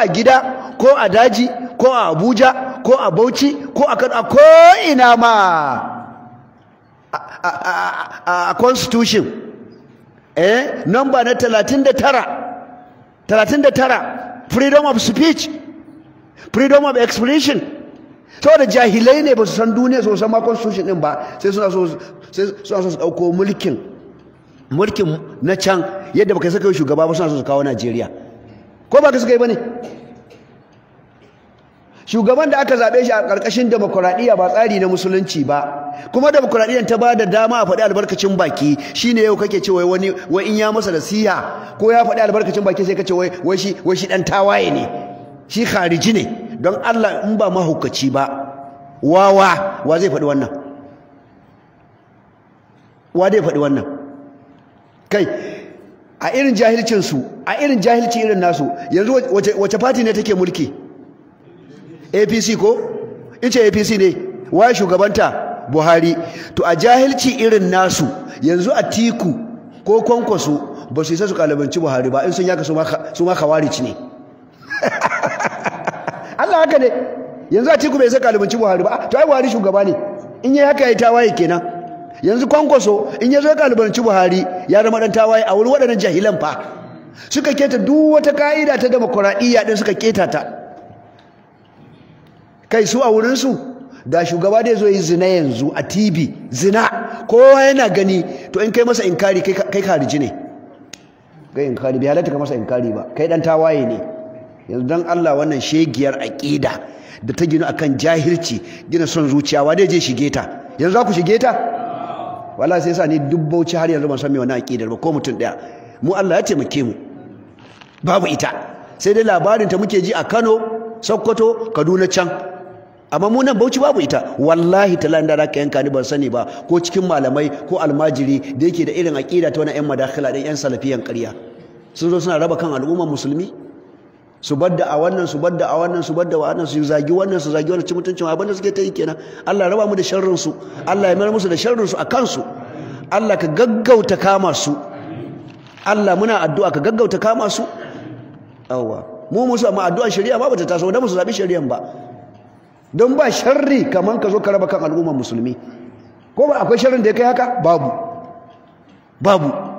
a gida ko a daji ko a abuja ko a bauchi ko a kan ko ina ma a constitution eh number na 39 39 freedom of speech freedom of expression da jahilai ne ba su san duniya so san ma constitution din ba sai suna so suna so su dauko mulkin mulkin na can yadda baka saka shugaba ba suna so su kawo Najeriya ko ba ka suka yi ba ne shugaban da aka zaɓe shi a ƙarƙashin demokuraɗiyya ba tsari na musulunci ba kuma demokuraɗiyyar ta ba da dama a faɗi albarkacin baki shine yau kake ce wai wani wai in ya masa da siya? ko ya faɗi albarkacin baki sai ka ce wai wai shi ɗan tawaye ne shi khariji ne don Allah in ba mahaukaci ba wawa wa zai faɗi wannan wa zai faɗi wannan kai a irin jahilcinsu a irin jahilci irin nasu yanzu wace fati ne take mulki apc ko ice apc ne waye shugabanta buhari to a jahilci irin nasu yanzu a tiku ko kwankwasu, ba su isa su kalabanci buhari ba in sun yaka su ma kawarici ne allah haka ne yanzu a tiku bai isa kalabanci buhari ba ah, to ai buhari shugaba ne in yi haka ya yi tawaye kenan yanzu kwankwaso in ya zo kalibanci buhari ya zama dan tawaye a wurin waɗannan jahilan fa suka keta duk wata ka'ida ta demokuraɗiyya ɗin suka keta ta kai su a wurinsu da shugaba dai zo yi zina yanzu a tv zina kowa yana gani to in kai masa inkari kai kariji ne kai inkari bai halatta ka masa inkari ba kai dan tawaye ne yanzu dan Allah wannan shegiyar aƙida da ta gina akan jahilci gina son zuciya wa dai je shige ta yanzu za ku shige ta wala sai sa ni dubbauci har yanzu ban san me wani aqidar ba ko mutum daya mu Allah ya taimake mu babu ita sai dai labarin ta muke ji a Kano Sokoto Kaduna can amma mu nan Bauchi babu ita wallahi talan da zaka yanka ni ban sani ba ko cikin malamai ko almajiri da yake da irin aqida ta wani ƴan madakhila da 'yan salafiyan ƙarya sun zo suna raba kan al'ummar musulmi su badda a wannan su badda a wannan su badda a wannan su zagi wannan su zagi wannan ci mutuncin abin da suke ta yi kenan Allah ya raba mu da sharrin su Allah ya mayar musu da sharrin su a kansu Allah ka gaggauta kama su Allah muna addu'a ka gaggauta kama su yawa mu musu amma addu'a shari'a ba bata taso dan musu zabi shari'an ba don ba sharri kaman ka zo ka raba kan al'ummar musulmi ko ba akwai sharrin da ya kai haka babu babu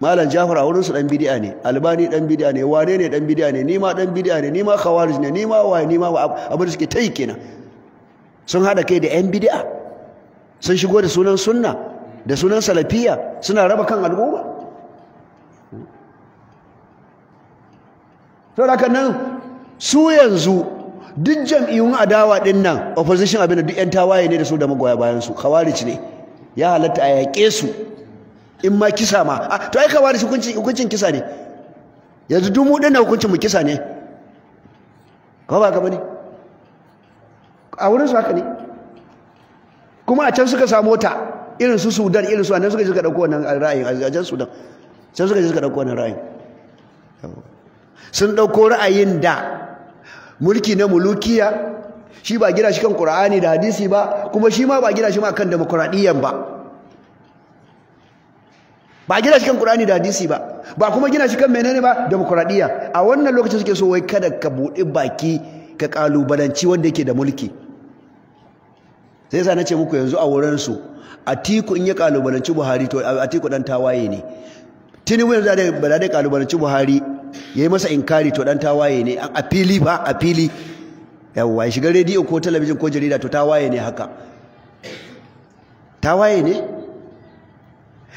malam jafar a wurin su dan bid'a ne albani dan bid'a ne wane ne dan bid'a ne nima dan bid'a ne nima khawarij ne nima waye nima abin da suke tai kenan sun hada kai da yan bid'a sun shigo da sunan sunna da sunan salafiya suna raba kan al'umma to haka nan su yanzu duk jam'iyyun adawa din nan opposition abin da duk yan tawaye ne da su da magoya bayan su khawarij ne ya halatta a yaƙe su in ma kisa ma a ah, to ai shi hukuncin hukuncin kisa ne yanzu duk mu dinnan hukuncin mu kisa ne ko ba ka ne a wurin su haka ne kuma a can suka samu wata irin su Sudan irin su annan suka ji suka dauko wannan ra'ayin a can Sudan can suka ji suka dauko wannan ra'ayin sun dauko ra'ayin da mulki na mulukiya shi ba gina shi kan Qur'ani da hadisi ba kuma shi ma ba gina shi ma kan demokradiyyan ba ba gina shi kan Qur'ani da hadisi ba ba kuma gina shi kan menene ba demokradiya a wannan lokacin suke so wai kada ka bude baki ka kalubalanci wanda yake da mulki sai yasa nace muku yanzu a wurin su Atiku in ya kalubalanci Buhari to Atiku dan tawaye ne Tinubu yanzu da ba da kalubalanci Buhari ya yi masa inkari to dan tawaye ne a fili ba a fili yawwa shiga rediyo ko talabijin ko jarida to tawaye ne haka tawaye ne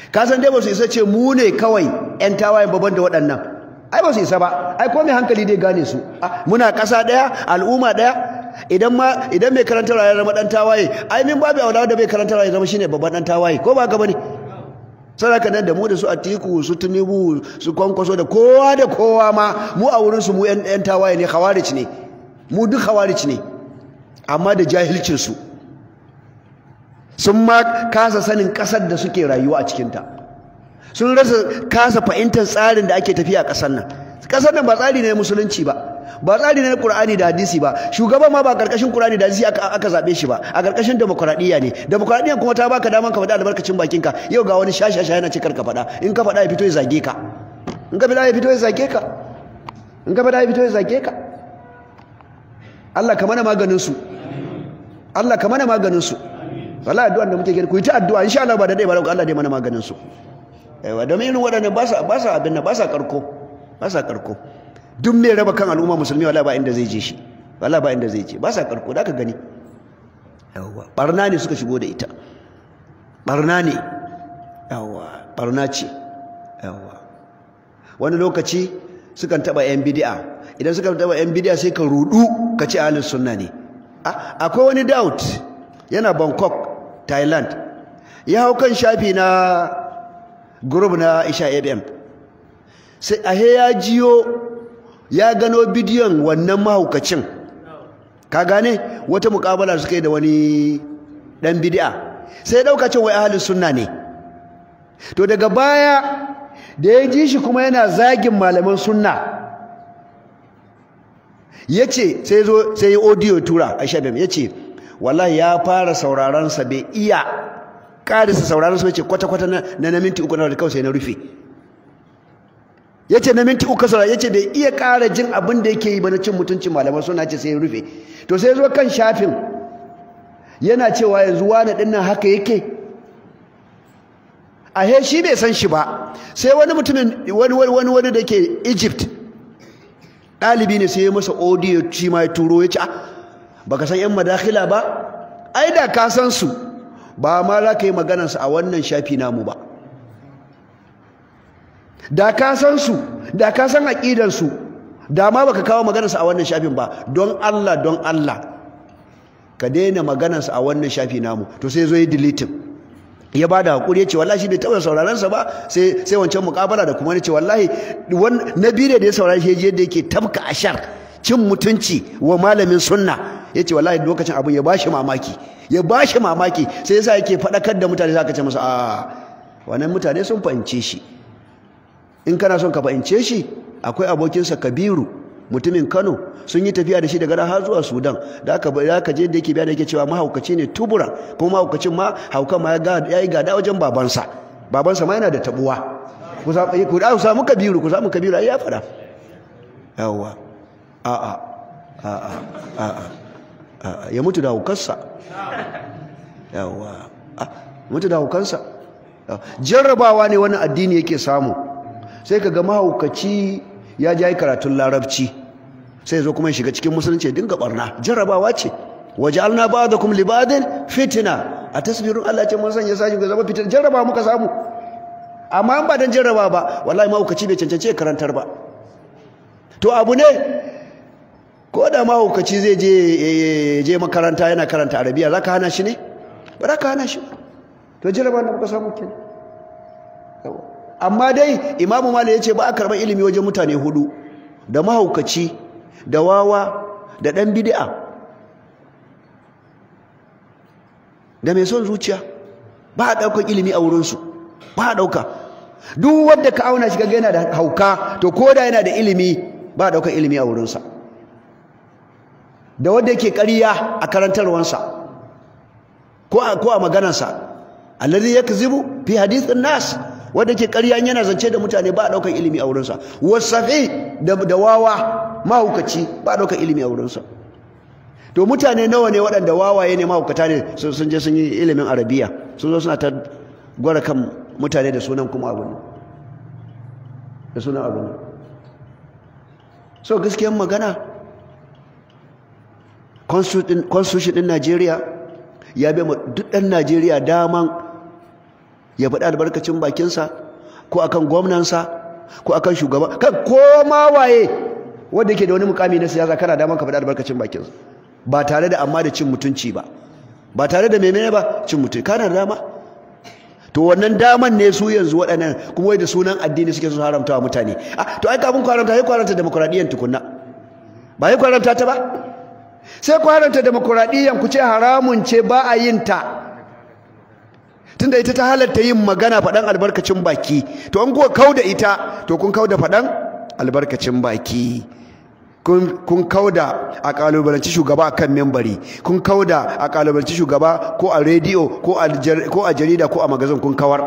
Kasan dai ba su isa ce mu ne kawai yan tawayen babban da waɗannan ai ba su isa ba ai ko mai hankali dai gane su muna ƙasa ɗaya al'umma ɗaya idan ma idan mai karanta rayuwar zama dan tawaye ai min babu aulawa da mai karanta rayuwar zama shine babban dan tawaye ko ba gaba ne saraka nan da mu da su atiku su tunibu su kwankwaso da kowa da kowa ma mu a wurin su mu yan tawaye ne khawarij ne mu duk khawarij ne amma da jahilcin su sun ma kasa sanin ƙasar da suke rayuwa a cikinta sun rasa kasa fahimtar tsarin da ake tafiya a ƙasar nan ƙasar nan ba tsari ne musulunci ba ba tsari ne Qur'ani da hadisi ba shugaban ma ba ƙarƙashin Qur'ani da hadisi aka, aka zaɓe shi ba a ƙarƙashin demokradiyya ne demokradiyya kuma ta baka daman ka faɗa albarkacin ka yau ga wani shashi shashi yana cikar ka faɗa in ka faɗa ya fito ya zage ka in ka faɗa ya fito ya zage ka in ka faɗa ya fito ya zage ka Allah ka mana maganin su Allah ka mana maganin su Wala addu'a da muke gani ku yi ta addu'a insha Allah ba da dai ba Allah dai mana maganin su aiwa domin irin waɗannan ba sa ba sa abin nan ba sa karko ba sa karko duk mai raba kan al'umma musulmi wala ba inda zai je shi wala ba inda zai je ba sa karko da ka gani yawa barna ne suka shigo da ita barna ne yawa barna ce yawa wani lokaci sukan taba yan bid'a idan suka taba yan bid'a sai ka rudu ka ce ahlus sunna ne akwai wani doubt yana bangkok thailand ya hau kan shafi na group na isha ABM sai ahe ya jiyo ya gano bidiyon wannan mahaukacin ka gane wata mukabala suka yi da wani dan bid'a sai dauka cewa wai ahlus sunna ne to daga baya da ya ji shi kuma yana zagin malaman sunna yace sai zo sai audio tura a shabem yace wallahi ya fara sauraron sa bai iya karisa sauraron sa yace kwata kwata na na minti uku na da kawai sai na rufe yace na minti uku sai yace bai iya kara jin abin da yake yi ba na cin mutuncin malaman suna ce sai ya rufe to sai zo kan shafin yana cewa yanzu wani nan haka yake ahe shi bai san shi ba sai wani mutumin wani wani wani da ke Egypt ɗalibi ne sai ya masa audio shi ma ya turo ya ce ah baka san yan madakhila ba ai da ka san su ba ma za ka yi su a wannan shafi namu ba da ka san su da ka san su, da ma baka kawo su a wannan shafin ba don Allah don Allah ka daina su a wannan shafi namu to sai zo yi deleting ya ba da hakuri ya ce wallahi shi bai taɓa sa ba sai sai wancan mukabala da kuma ne ce wallahi na bire da ya saurari shi yadda yake tabka ashar cin mutunci wa malamin sunna ya ce wallahi lokacin abin ya bashi mamaki ya bashi mamaki sai yasa yake faɗakar da mutane za ka ce masa a wannan mutane sun fahimce shi in kana son ka fahimce shi akwai abokinsa kabiru mutumin kano sun yi tafiya da shi daga har zuwa sudan da aka je da yake biya da yake cewa mahaukaci ne tubura kuma mahaukacin ma hauka ma ya yi gada wajen babansa babansa ma yana da tabuwa ku samu kabiru ku samu kabiru ya fada yawwa a'a a'a a'a Ah, ya mutu da haukarsa yawa ah, mutu da haukarsa ah, jarrabawa ne wani addini yake samu sai ka ga mahaukaci ya jayi karatun larabci sai zo kuma shiga cikin musulunci ya dinga barna jarrabawa ce Waje ba da kuma libadin? fitina a tasbirin Allah ce mun sanya sashi ga zama fitina jarraba muka samu amma an ba don jarraba ba wallahi mahaukaci bai cancance karantar ba to abu ne ko da mahaukaci zai je eh, eh, je makaranta yana karanta arabiya za ka hana shi ne ba za ka hana shi to jarabar da muka samu amma dai imamu malik ya ce ba a karɓar ilimi wajen mutane hudu da mahaukaci da wawa da ɗan bidi'a da mai son zuciya ba a ɗaukar ilimi a wurinsu ba a ɗauka duk wanda ka auna shi kaga yana da hauka to ko da yana da ilimi ba a ɗaukar ilimi a wurinsa da wanda yake ƙarya a karantarwansa ko a ko a maganarsa alladhi yakzibu fi hadithin nas wanda yake ƙarya yana zance da mutane ba daukan ilimi a wurinsa wasafi da da wawa mahaukaci ba daukan ilimi a wurinsa to mutane nawa ne waɗanda wawaye ne mahaukata ne sun je sun yi ilimin arabiya sun zo suna ta gwara kan mutane da sunan kuma abu ne da sunan abu ne so gaskiyar magana constitution din Najeriya ya bai ma duk ɗan Najeriya daman ya faɗi albarkacin bakinsa ko akan gwamnansa ko akan shugaba kan koma waye wanda yake da wani mukami na siyasa kana daman ka faɗi albarkacin bakinsa ba tare da amma da cin mutunci ba ba tare da menene ba cin mutunci kana da dama to wannan daman ne su yanzu waɗannan kuma wai da sunan addini suke su haramta wa mutane ah, to ai kafin ku haramta kwaranta ku haramta tukunna ba ai ku haramta ta ba sai ku haramta demokuraɗiyyar ku ce haramun ce ba a yin ta tunda ita ta halatta yin magana faɗan albarkacin baki to an kuwa kau da ita to kun kau da faɗan albarkacin baki kun kauda a kalubalanci shugaba a kan membari kun kauda a kalubalanci shugaba ko a rediyo ko a jarida ko a magazin kun kawar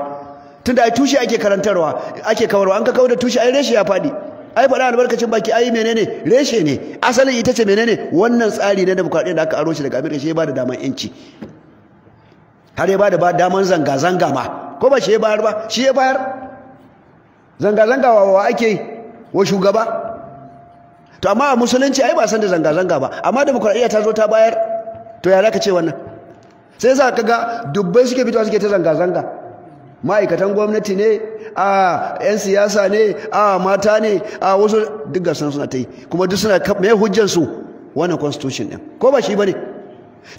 tunda a tushe ake karantarwa ake kawarwa an ka kauda tushe a yi reshe ya faɗi ai faɗa albarkacin baki ai menene reshe ne asalin ita ce menene wannan tsari na demokradiyya da aka aro shi daga amerika shi ba da daman yanci har ya ba da daman zanga-zanga ma ko ba shi ya bayar ba shi ya bayar zanga-zanga wa ake wa shugaba to amma a musulunci ai ba san da zanga-zanga ba amma demokradiyya ta zo ta bayar to ya zaka ce wannan sai za ka ga dubbai suke fitowa suke ta zanga-zanga ma'aikatan gwamnati ne a yan siyasa ne a mata ne a wasu duk gasar suna ta yi kuma duk suna mai hujjar su wannan constitution ɗin ko ba shi bane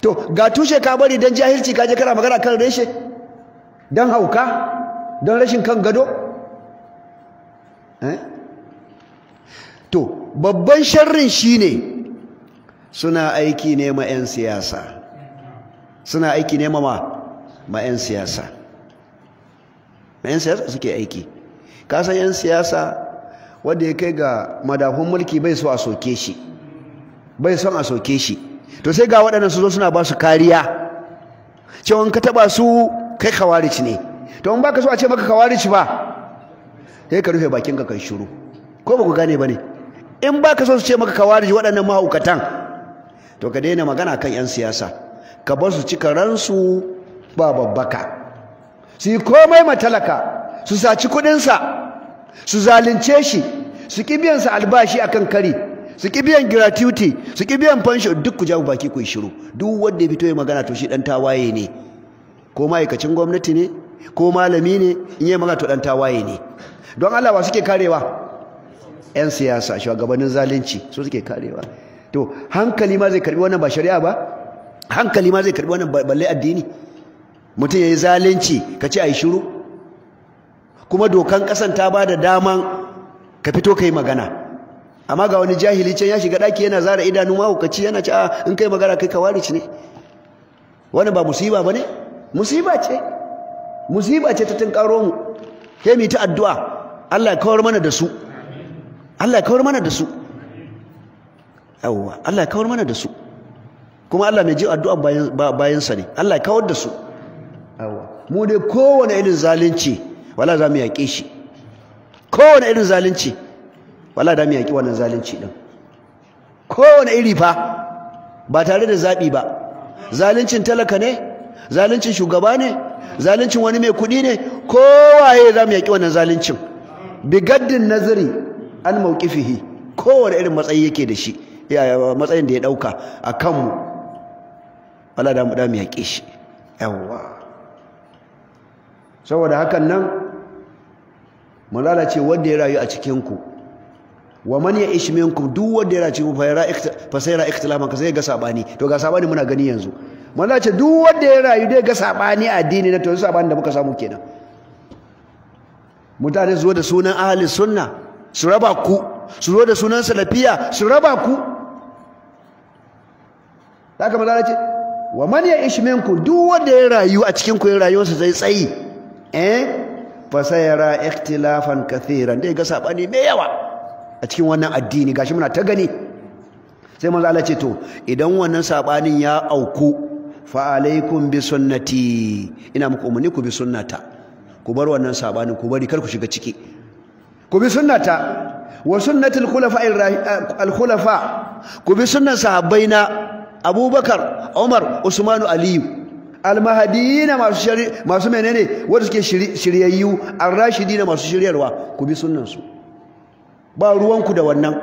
to ga tushe ka bari don jahilci ka je kana magana kan reshe don hauka don rashin kan gado eh? to babban sharrin shi ne suna aiki ne ma 'yan siyasa suna aiki ne ma ma 'yan siyasa yan siyasa suke aiki ka san yan siyasa wanda ya kai ga madafun mulki bai so a soke shi bai son a soke shi to sai ga waɗannan su zo suna ba su kariya cewa in ka taba su kai kawarici ne to in baka so a ce maka kawarici ba sai ka rufe bakinka kai shiru ko ba ku gane ba ne in baka so su ce maka kawarici waɗannan mahaukatan to ka daina magana kan 'yan siyasa ka bar su cika ransu ba babbaka su yi komai matalaka su saci kudinsa su zalunce shi su kibiyansa albashi akan kari su kibiyan gratuity su kibiyan fansho, duk ku jawo baki ku shiru duk wanda ya fito ya magana to shi dan tawaye ne ko ma'aikacin gwamnati ne ko malami ne in yi magana to dan tawaye ne don Allah wa suke karewa 'yan siyasa shugabannin zalunci su suke karewa to hankali ma zai karbi wannan ba shari'a ba hankali ma zai karbi wannan balle addini mutum ya yi zalunci ka ci a yi shiru kuma dokan ƙasan ta ba da daman ka fito ka yi magana amma ga wani jahili can ya shiga ɗaki yana zara idanu mahaukaci yana ci a in kai magana kai ci ne wani ba musiba ba ne musiba ce musiba ce ta tunkaro mu ke mu ta addu'a Allah ya kawar mana da su Allah ya kawar mana da su yawwa Allah ya kawar mana da su kuma Allah mai ji addu'a bayan bayansa ne Allah ya kawar da su mu dai kowane irin zalunci wala za mu yaƙe shi kowane irin zalunci wala da mu yaƙi wannan zalunci din kowane iri fa ba tare da zaɓi ba zaluncin talaka ne zaluncin shugaba ne zaluncin wani mai kuɗi ne kowaye za mu yaƙi wannan zaluncin bigaddin nazari an mauƙifihi kowane irin matsayi yake da shi matsayin da ya ɗauka a kanmu wala da mu da mu yaƙe shi yawwa saboda hakan nan mu lalace wanda ya rayu a cikinku wa man ya ishi minku duk wanda ya rayu cikin fa sai ra ikhtilama ka sai ga sabani to ga sabani muna gani yanzu mu lalace duk wanda ya rayu dai ga sabani a addini na to sabani da muka samu kenan mutane zuwa da sunan ahli sunna su raba ku su zo da sunan salafiya su raba ku ta kama lalace? wa man ya ishi minku duk wanda ya rayu a cikin ku ya rayuwarsa zai tsayi eh fasayara ikhtilafan kathiran dai ga sabani mai yawa a cikin wannan addini gashi muna ta gani sai manzo Allah ce to idan wannan sabanin ya auku fa alaikum bi sunnati ina muku umarni ku bi sunnata ku bar wannan sabanin ku bari kar ku shiga ciki ku bi sunnata wa sunnatul khulafa eh, al khulafa ku bi sunnan sahabbaina Abubakar Umar Usmanu Aliyu Almahadina masu masu menene wanda suke shiryayyu arrashidina masu shiryarwa ku bi sunnan ba ruwanku da wannan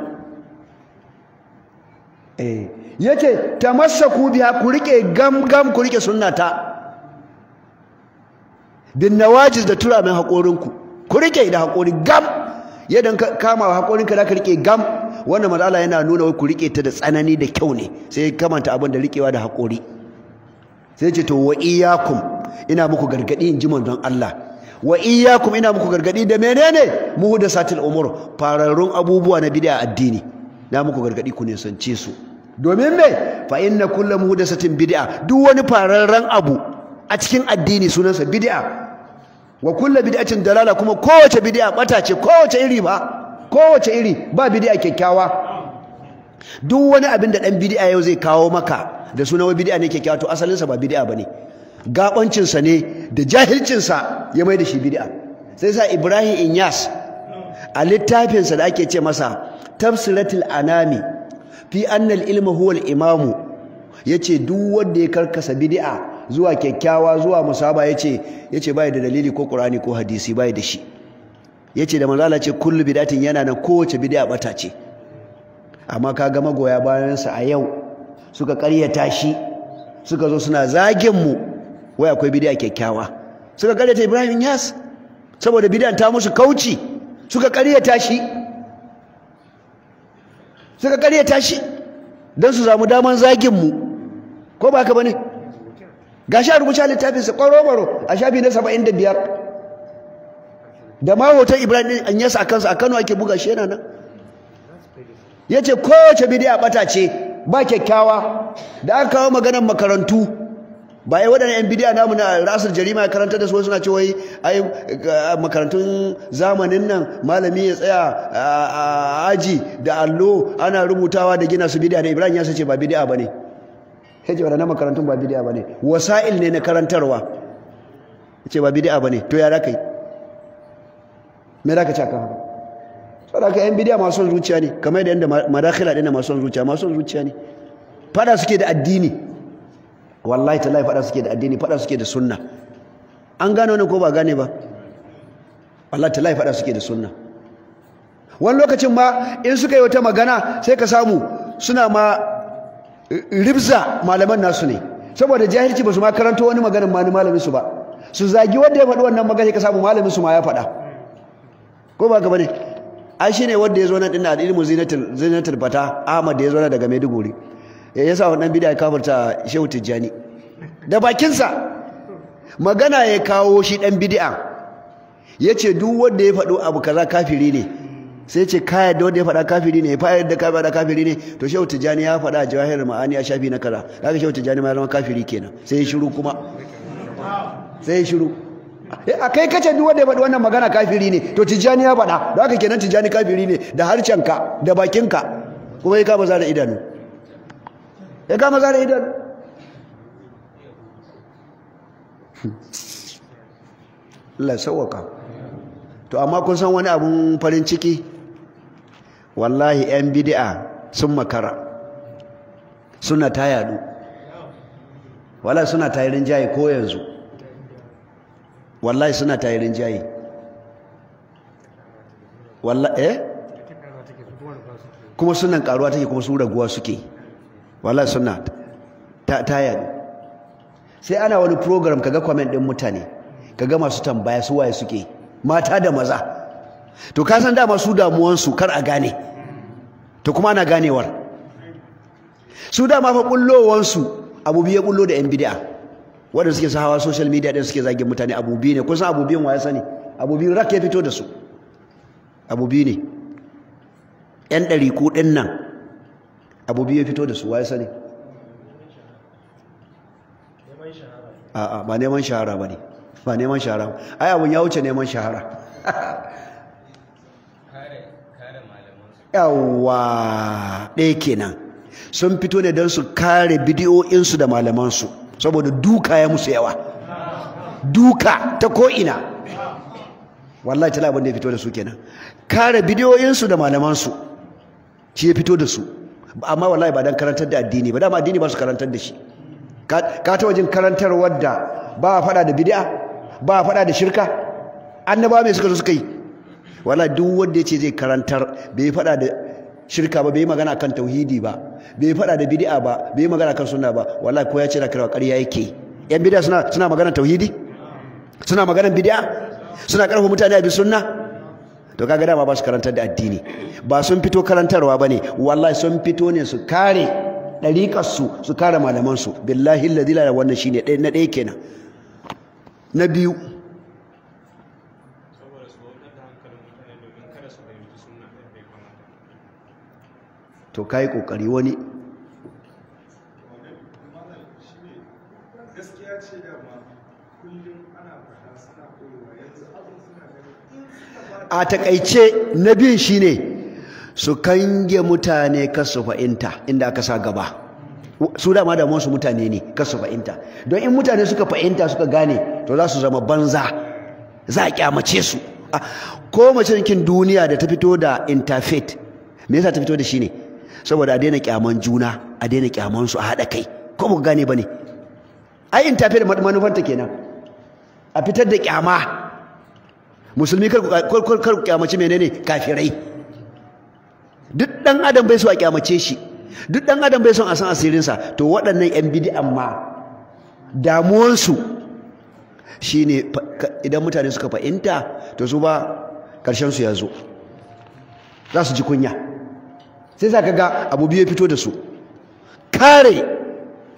eh yace tamassaku biha ku rike gam gam ku rike sunnata bin nawajiz da tura min ku rike da haƙori gam yadda kama hakorinka da ka rike gam wannan matsala yana nuna wai ku rike ta da tsanani da kyau ne sai kamanta abin da rikewa da haƙori. sai ce to wa iyakum ina muku gargadi in ji manzon Allah wa iyakum ina muku gargadi da menene muhdasatil umur fararrun abubuwa na bid'a addini na muku gargadi ku ne sance su domin me fa inna kullu muhdasatin bid'a duk wani fararren abu a cikin addini sunansa bid'a wa kullu bid'atin dalala kuma kowace bid'a bata ce kowace iri ba kowace iri ba bid'a kyakkyawa duk wani abin da ɗan bidi'a yau zai kawo maka da suna wai bidi'a ne kyakkyawa to asalinsa ba bidi'a ba ne. Gaɓancinsa ne da jahilcinsa ya mai da shi bidi'a. sai sa Ibrahim Inyas a littafinsa da ake ce masa tafsiratul anami fi anna al Imamu huwa al-imamu yace duk wanda ya karkasa bid'a zuwa kyakkyawa zuwa musaba yace yace bai da dalili ko Qur'ani ko hadisi bai da shi yace da manzo Allah ce kullu bid'atin yana nan kowace bid'a bata ce amma kaga magoya bayansa a yau suka karyata shi suka zo suna zagin mu wai akwai bidiya kyakkyawa suka karyata Ibrahim Yas saboda bidiyan ta musu kauci suka karyata shi suka karyata shi don su zamu daman zagin mu ko ba ka bane gashi a rubuta littafin sa kwaro a shafi na 75 da ma hoton Ibrahim Yas a kansa a Kano ake buga shi yana nan yace kowace bid'a bata ce ba kyakkyawa da aka kawo maganar makarantu ba ai waɗannan yan bidiya namu na rasul jarima ya karanta da su suna ce ai makarantun zamanin nan malami ya tsaya a aji da allo ana rubutawa da gina su bidiya ne ibrahim ya sace ba bidiya bane yace waɗannan makarantun ba ba bane wasa'il ne na karantarwa yace ba ba bane to ya rakai me zaka ce akan haka saboda yan bidiya masu zuciya ne kamar yadda madakhila din masu zuciya masu zuciya ne fada suke da addini wallahi tallahi fada suke da addini fada suke da sunna an gane wani ko ba gane ba wallahi tallahi fada suke da sunna wani lokacin ma in suka yi wata magana sai ka samu suna ma ribza malaman nasu ne saboda jahilci ba su ma karanto wani maganin ma malamin su ba su zagi wanda ya faɗi wannan magana ka samu malamin su ma ya faɗa ko ba ka bane ai shine wanda ya zo nan din al-ilmu zinatul zinatul fata Ahmad da ya zo nan daga Maiduguri ya yasa wannan bid'a ya kafarta Shehu Tijjani da bakinsa magana ya kawo shi dan bid'a yace duk wanda ya faɗo abu kaza kafiri ne sai ce ka da wanda ya faɗa kafiri ne ya fa yadda da faɗa kafiri ne to Shehu Tijjani ya faɗa a jawahirul ma'ani a shafi na kaza kaga Shehu Tijjani ma ya zama kafiri kenan sai ya shiru kuma sai ya shiru Eh, a kai kace duk wanda ya faɗi wannan magana kafiri ne to tijjani ya faɗa da haka kenan tijjani kafiri ne da harshenka da bakinka kuma ya kama zara idanu ya kama zara idanu Allah sauwaka to amma kun san wani abun farin ciki wallahi yan bid'a sun makara suna ta yadu wala suna tayirin jayi ko yanzu wallahi suna tayirin jayi wallahi eh kuma sunan karuwa take kuma sun raguwa suke wallahi suna ta tayar sai ana wani program kaga comment din mutane kaga masu tambaya su waye suke mata da maza to ka san dama su damuwan su kar a gane to kuma ana ganewar su dama fa bullowansu abu ya bullo da yan bid'a waɗanda suke hawa social media ɗin suke zagin mutane abubi ne kun san abu wa ya sani abubi rak ya fito da su abubi ne yan ɗari ɗin nan abubi ya fito da su wa ya sani a'a ba neman shahara ba ne ba neman shahara ai abun ya wuce neman shahara yawa ɗaya kenan sun fito ne don su kare bidiyoyinsu da malamansu saboda duka ya musu yawa duka ta ko'ina wallahi tala abin da ya fito da su kenan kare bidiyoyinsu da malamansu shi ya fito da su amma wallahi ba don karantar da addini ba dama addini ba su karantar da shi ka ta wajen karantar wadda ba a faɗa da bidi'a ba a faɗa da shirka annaba mai suka zo suka yi wallahi duk wanda ya ce zai karantar bai faɗa da shirka ba bai magana kan tauhidi ba bai faɗa da Bidi'a ba bai magana kan sunna ba wallahi ko ya ce da karawa ƙarya yake yan bid'a suna suna magana tauhidi suna magana bid'a suna karfa mutane a bi sunna to kaga dama ba su karantar da addini ba sun fito karantarwa bane wallahi sun fito ne su kare dariƙar su kare malamansu billahi ladila da wannan shine na ɗaya kenan na biyu to kai kokari wani a takaice na biyun shine su kange mutane kasu fa'inta inda aka sa gaba su dama da su mutane ne kasu fa'inta don in mutane suka fa'inta suka gane to za su zama banza za a kyamace su ko mace kin duniya da ta fito da interfaith me yasa ta fito da shi ne saboda a daina kyaman juna a daina kyaman su a haɗa kai ko ba gane ba ne ai in tafi da manufanta kenan a fitar da kyama musulmi kar ku mene menene kafirai duk dan adam bai so a kyamace shi duk dan adam bai son a san asirinsa to waɗannan yan bid'an ma damuwansu shine idan mutane suka fahimta to su ba ƙarshen su ya zo za su ji kunya sai ka ga abu biyu fito da su kare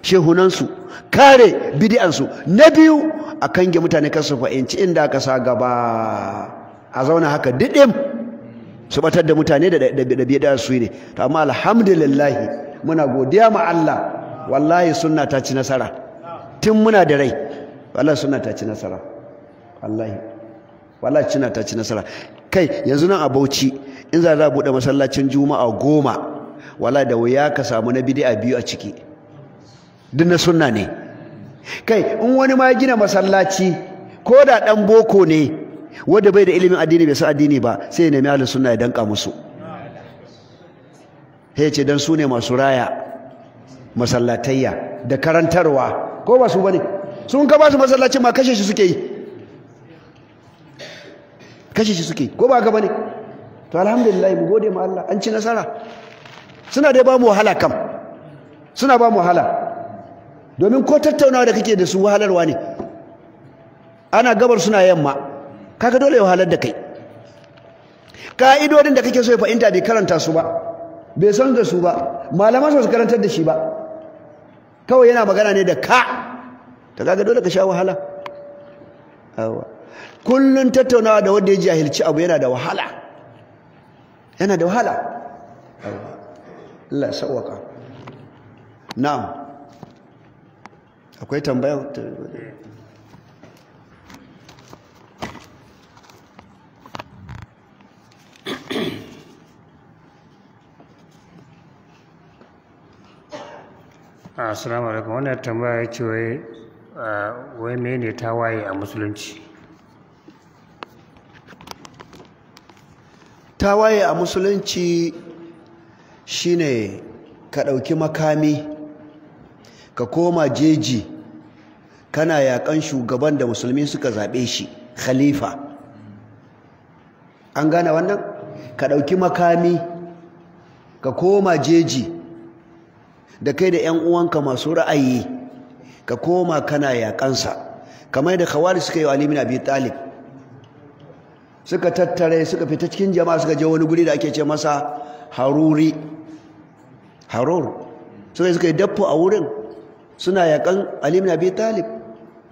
shehunansu kare bidi'ansu na biyu a kange mutane kan su fa'inci inda aka sa gaba a zauna haka didim su batar da mutane da ɗabi'a su ne ta amma alhamdulillahi muna godiya ma Allah wallahi sunna ta ci nasara tun muna da rai wallahi sunna ta ci nasara wallahi wallahi cina ta ci nasara kai yanzu nan a Bauchi in za za buɗe masallacin juma'a goma wala da wuya ka samu na bid'a biyu a ciki duk na sunna ne kai in wani ma gina masallaci ko da ɗan boko ne wanda bai da ilimin addini bai san addini ba sai ya nemi ahlus sunna ya danka musu sai ce dan su ne masu raya masallatayya da karantarwa ko ba su bane sun ka ba su masallacin ma kashe shi suke yi kashe shi suke ko ba ka bane to alhamdulillah mu gode ma Allah an ci nasara suna dai ba mu wahala kam suna ba mu wahala domin ko tattaunawa da kake da su wahalarwa ne ana gabar suna yamma kaga dole wahalar da kai ka'idodin da kake so ya fahimta bai karanta su ba bai san da su ba malaman su karantar da shi ba kawai yana magana ne da ka ta kaga dole ka sha wahala kullun tattaunawa da wanda ya jahilci abu yana da wahala yana da wahala Allah ya sauwaka na'am akwai tambayan assalamu alaikum wannan tambaya ce wai uh, wai mene tawaye a musulunci tawaye a musulunci shine ka ɗauki makami ka koma jeji kana yaƙan shugaban da musulmi suka zaɓe shi khalifa an gane wannan ka ɗauki makami ka koma jeji da kai da 'yan uwanka masu ra'ayi ka koma kana yaƙansa kamar da khawari suka yi wa alimin abi talib suka tattare suka fita cikin jama'a suka je wani guri da ake ce masa haruri harur suka suka yi dafo a wurin suna yakan alim na talib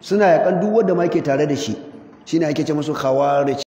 suna yakan duk wanda ma ke tare da shi shine ake ce musu khawarij